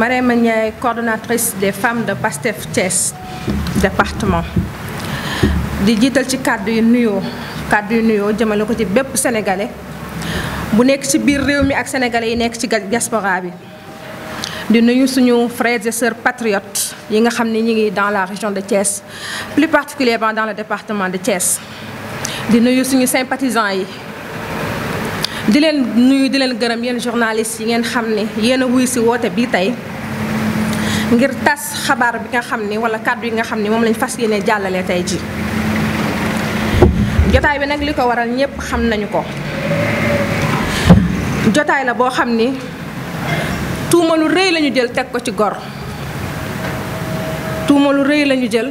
Marème Niaï, coordonnatrice des femmes de PASTEF Thiès département di jiital ci cadre yu nuyoo cadre yu le jëmale ko ci bépp sénégalais bu nekk ci biir réew ak sénégalais yi nekk ci diaspora bi di nuyu frères et sœurs patriotes yi nga xam dans la région de Thiès plus particulièrement dans le département de Thiès di nuyu suñu sympathisants yi di leen nuyu di leen gërëm yéen journaliste yi ngeen xam ne yéen a wuy si woote bii tey ngir tas xabaar bi nga xam ni wala kàddu yi nga xam ni moom lañ fas yéene jàllale tey ji jotaay bi nag li ko waral ñëpp xam nañu ko jotaay la boo xam ni tuuma lu rëy lañu jël teg ko ci gor tuuma lu rëy lañu jël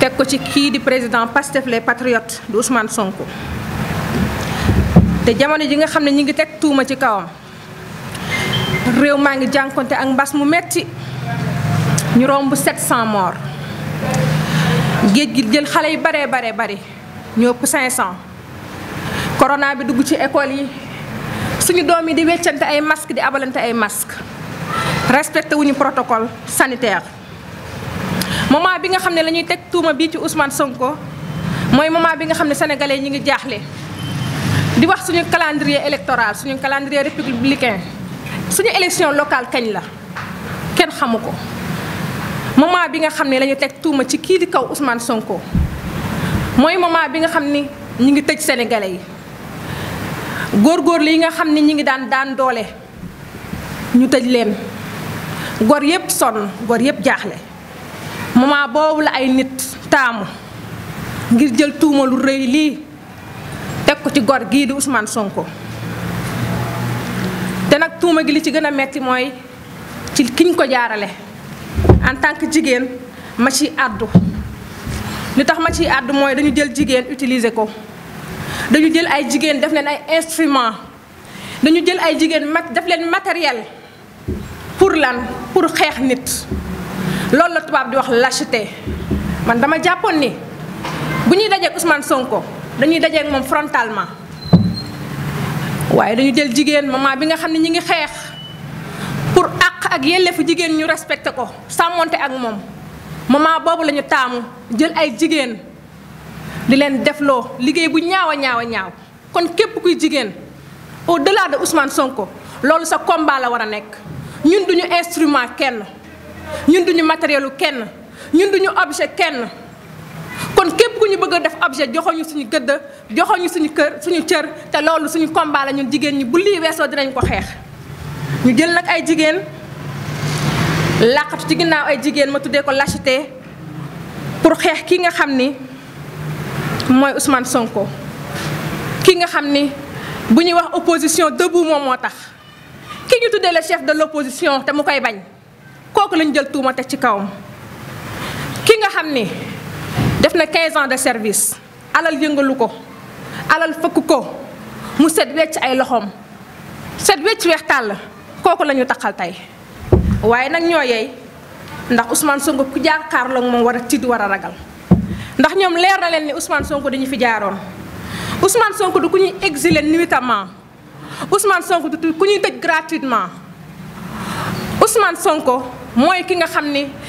teg ko ci kii di président Pastef les patriotes di Ousmane Sonko te jamono ji nga xamne ne ñi ngi tek tuuma ci kawam rew ma ngi jankonté ak mbass mu metti ñu romb 700 mort geej gi jël xalé yu bare bare bare ñop 500 corona bi dugg ci école yi suñu doomi di wéccante ay masque di abalante ay masque respecté wuñu protocole sanitaire moment bi nga xamne ne tek tuuma bi ci Ousmane Sonko moy moment bi nga xamne sénégalais ñi ngi jaxlé di wax suñu calendrier électoral suñu calendrier républicain suñu élection locale kagn la kenn xamuko ko moment bi nga xamné lañu tek ñu tuuma ci ki di kaw Ousmane Sonko moy moment bi nga xamni ñi ngi tej sénégalais yi gor li nga xamni ñi ngi daan daan doole ñu tej leen gor yépp son gor yépp jaxlé moment boobu la ay nit taamu ngir jël tuuma lu reuy li ko ci gor Usman di Ousmane Sonko té nak tuuma gi li ci gëna metti moy ci kiñ ko jaaralé en tant que jigen ma ci addu li tax ma ci addu moy dañu jël jigen utiliser ko dañu jël ay jigen def len ay instrument dañu jël ay jigen mat def len matériel pour lan pour xex nit loolu la tubab di wax lâcheté man dama ni dajé Ousmane Sonko dañuy ak mom frontalement waye dañu jël jigen mama bi nga xamni ñi ngi xex pour ak ak yelleefu jigen ñu respecté ko samonté ak mom mama bobu lañu tamu jël ay jigen di leen defloo liggéey bu ñaawa ñaawa ñaaw kon képp kuy jigen au delà de Ousmane Sonko lolu sa combat la wara nek ñun duñu instrument kenn ñun duñu matériel kenn ñun duñu objet kenn képp ku ñu bëgg a def objet joxoñu suñu gëdd joxoñu suñu kër suñu cër te loolu suñu combat la jigéen ñi bu lii weesoo dinañ ko xeex ñu jël nag ay jigéen làqatu ci ginnaaw ay jigéen ma tuddee ko lâcheté pour xeex ki nga xam ni mooy Ousmane Sonko ki nga xam ni bu ñuy wax opposition debout moom moo tax ki ñu tuddee la chef de l'opposition te mu koy bañ kooku lañu jël tuumate ci kawam ki nga xam ni def na 15 ans de service alal yëngalu ko alal fëkk ko mu set wecc ay loxom set wecc weex tàll kooku la ñu taxal tey waaye nag ndax Ousmane Sonko ku moom war a ragal ndax leer na ni Ousmane Sonko fi jaaroon Ousmane Sonko du ku exiler nuitamment Ousmane Sonko du gratuitement Ousmane Sonko ki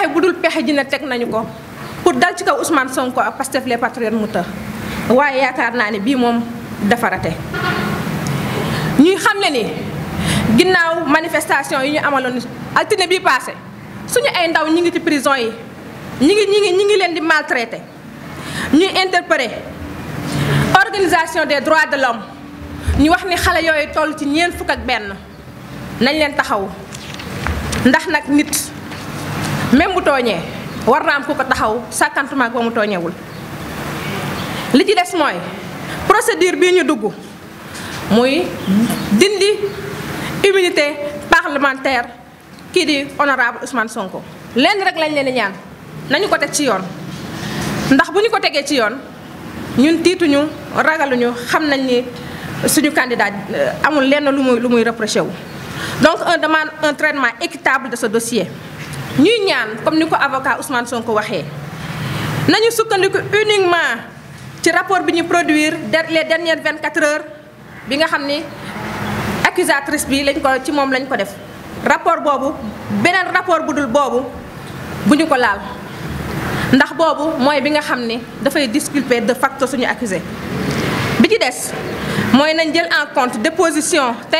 pexe bu dul pexe ji ne teg nañu ko pour dal ci kaw Ousmane Sonko ak Pastef les patriotes mu tëx waaye yaakaar naa ne bii moom defarate rate ñuy xam ne ni ginnaaw manifestation yi ñu amaloon altine bii passé suñu ay ndaw ñi ngi ci prison yi ñi ngi ñi ngi ñi ngi leen di maltraité ñuy interpellé organisation des droits de l'homme ñu wax ni xale yooyu toll ci ñeent fukk ak benn nañ leen taxaw ndax nag nit même bu tooñee war na am ku ko taxaw sàkkantuma ak ba mu tooñewul li ci des mooy procédure bii ñu dugg muy dindi immunité parlementaire kii di honorable Ousmane Sonko. lenn rek lañ leen di ñaan nañu ko teg ci yoon ndax bu ñu ko tegee ci yoon ñun tiituñu ragaluñu xam nañ ni suñu candidat amul lenn lu muy lu muy reproché wu. donc un demande un traitement équitable de ce dossier. Nous sommes comme nous ko Ousmane Sonko Nous nañu uniquement ci rapport bi ñu produire les dernières 24 heures bi nga accusatrice bi lañ ko rapport rapport ko laal ndax bi nga de facto suñu accusé bi ci des moy nañ jël en compte déposition bi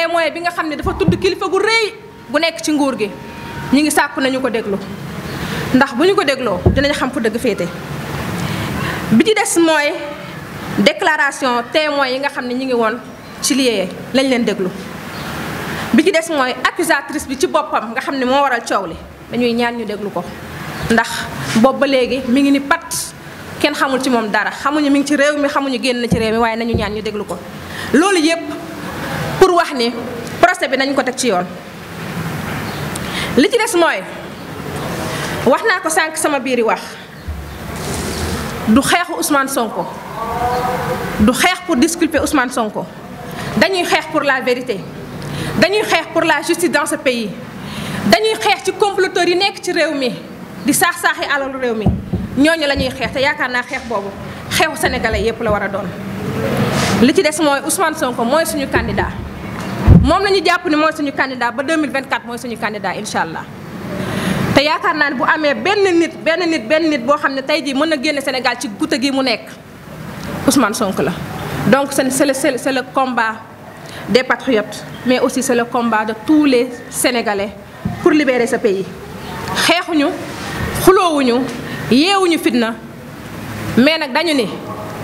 nga ñi ngi sàpp nañu ko déglu ndax bu ñu ko dégloo dinañ xam fu dëgg féete bi ci des mooy déclaration témoin yi nga xam ne ñi ngi woon ci lieu lañ leen déglu bi ci des mooy accusatrice bi ci boppam nga xam ne moo waral coow li dañuy ñaan ñu déglu ko ndax boobu ba léegi mi ngi ni pat kenn xamul ci moom dara xamuñu mu ngi ci réew mi xamuñu génn na ci réew mi waaye nañu ñaan ñu déglu ko loolu yépp pour wax ni procès bi nañ ko teg ci yoon li ci des mooy wax que ko sànq sama du Ousmane Sonko du xex pour disculper Ousmane Sonko dañuy pour la vérité dañuy pour la justice dans ce pays dañuy xex ci comploteurs yi nek ci di la xex te yakarna xex bobu sénégalais yépp la doon li ci Ousmane Sonko suñu candidat mom lañu japp ni moy suñu candidat ba 2024 moy suñu candidat inshallah. té yaakar yaakaar bu amé benn nit benn nit benn nit bo xamné ne tey jii mën Sénégal ci guute gi mu nekk Ousmane Sonko la donc c'est le c'est le combat des patriotes mais aussi c'est le combat de tous les Sénégalais pour libérer ce pays xéxuñu xulowuñu yéwuñu fitna mais nak dañu ni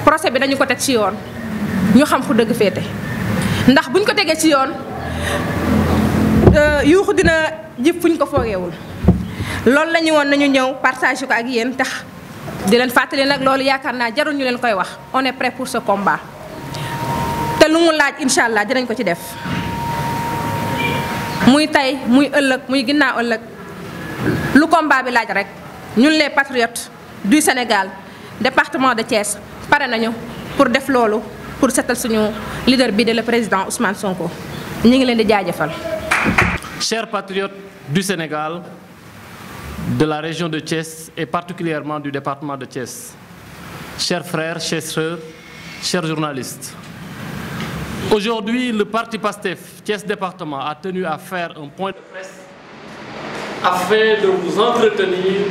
procès bi dañu ko teg ci yoon ñu xam fu dëgg fété ndax buñ ko tegee ci yoon Euh, yuuxu dina jib fuñ ko foogeewul loolu la ñu woon nañu ñëw partage ko ak yéen tax di leen fàttali nag loolu yaakaar naa jarul ñu leen koy wax on est pour ce combat te lu mu laaj incha allah dinañ ko ci def muy tey muy ëllëg muy ginnaaw ëllëg lu combat bi laaj rek ñun les patriotes du Sénégal département de Thiès pare nañu pour def loolu pour setal suñu lider bi de la président Ousmane Sonko. Chers patriotes du Sénégal, de la région de Thiès et particulièrement du département de Thiès, chers frères, chers sœurs, chers journalistes, aujourd'hui le parti PASTEF Thiès département a tenu à faire un point de presse afin de vous entretenir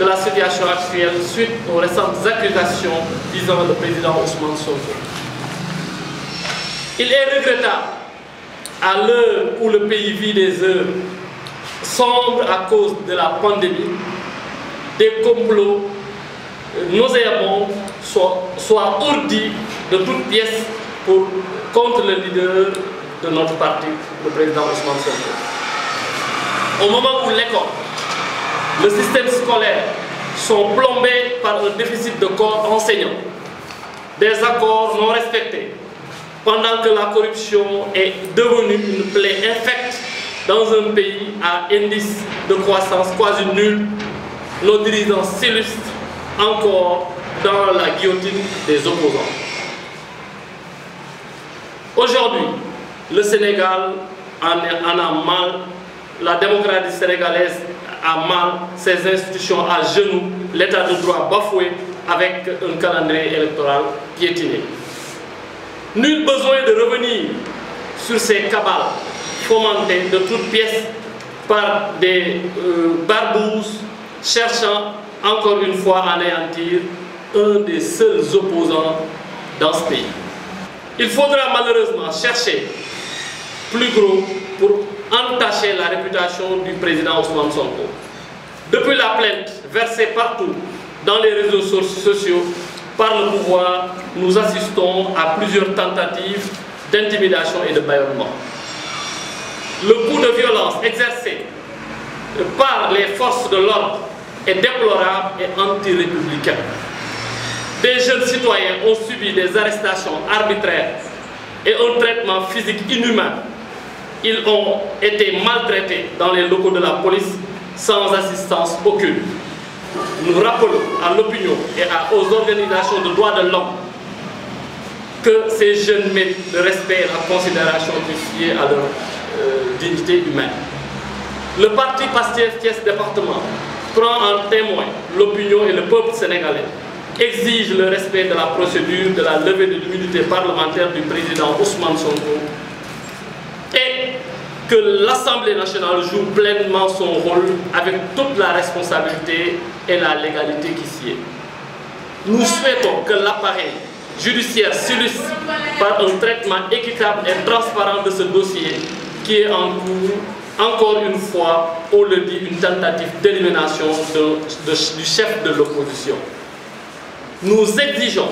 de la situation actuelle suite aux récentes accusations visant le président Ousmane Sonko. Il est regrettable à l'heure où le pays vit des heures sombres à cause de la pandémie, des complots nauséabonds soient, soient ourdis de toutes pièces contre le leader de notre parti, le président Ousmane Sonko. Au moment où l'école, le système scolaire sont plombés par le déficit de corps enseignants, des accords non respectés, pendant que la corruption est devenue une plaie infecte dans un pays à indice de croissance quasi nul, nos dirigeants s'illustrent encore dans la guillotine des opposants. Aujourd'hui, le Sénégal en, a mal, la démocratie sénégalaise a mal, ses institutions à genoux, l'état de droit bafoué avec un calendrier électoral piétiné. Nul besoin de revenir sur ces cabales fomentées de toutes pièces par des euh, cherchant encore une fois à anéantir un des seuls opposants dans ce pays. Il faudra malheureusement chercher plus gros pour entacher la réputation du président Ousmane Sonko. Depuis la plainte versée partout dans les réseaux sociaux, par le pouvoir, nous assistons à plusieurs tentatives d'intimidation et de baillonnement. Le coup de violence exercé par les forces de l'ordre est déplorable et anti-républicain. Des jeunes citoyens ont subi des arrestations arbitraires et un traitement physique inhumain. Ils ont été maltraités dans les locaux de la police sans assistance aucune nous rappelons à l'opinion et aux organisations de droits de l'homme que ces jeunes méritent le respect et la considération qui à leur euh, dignité humaine. Le parti pastier Thiès département prend en témoin l'opinion et le peuple sénégalais exige le respect de la procédure de la levée de l'immunité parlementaire du président Ousmane Sonko et que l'Assemblée nationale joue pleinement son rôle avec toute la responsabilité et la légalité qui s'y est. Nous souhaitons que l'appareil judiciaire s'illustre par un traitement équitable et transparent de ce dossier qui est en cours, encore une fois, on le dit, une tentative d'élimination du chef de l'opposition. Nous exigeons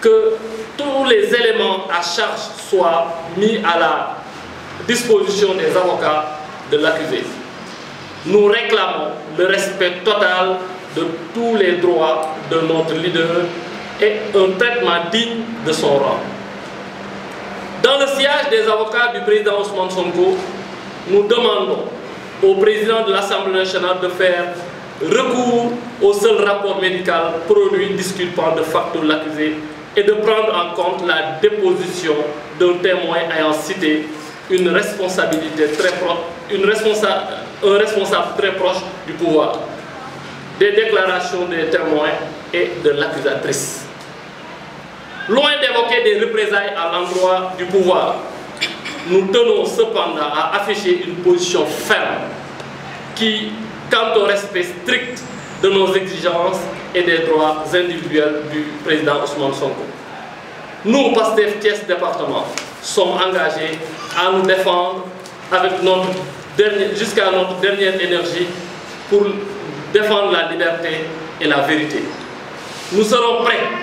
que tous les éléments à charge soient mis à la disposition des avocats de l'accusé. Nous réclamons le respect total de tous les droits de notre leader et un traitement digne de son rang. Dans le siège des avocats du président Ousmane Sonko, nous demandons au président de l'Assemblée nationale de faire recours au seul rapport médical produit disculpant de facto l'accusé et de prendre en compte la déposition d'un témoin ayant cité une responsabilité très proche, une un responsable très proche du pouvoir, des déclarations des témoins et de l'accusatrice. Loin d'évoquer des représailles à l'endroit du pouvoir, nous tenons cependant à afficher une position ferme qui, quant au respect strict de nos exigences et des droits individuels du président Ousmane Sonko. Nous, PASTEF Thiès département, sommes engagés à nous défendre avec notre jusqu'à notre dernière énergie pour défendre la liberté et la vérité. Nous serons prêts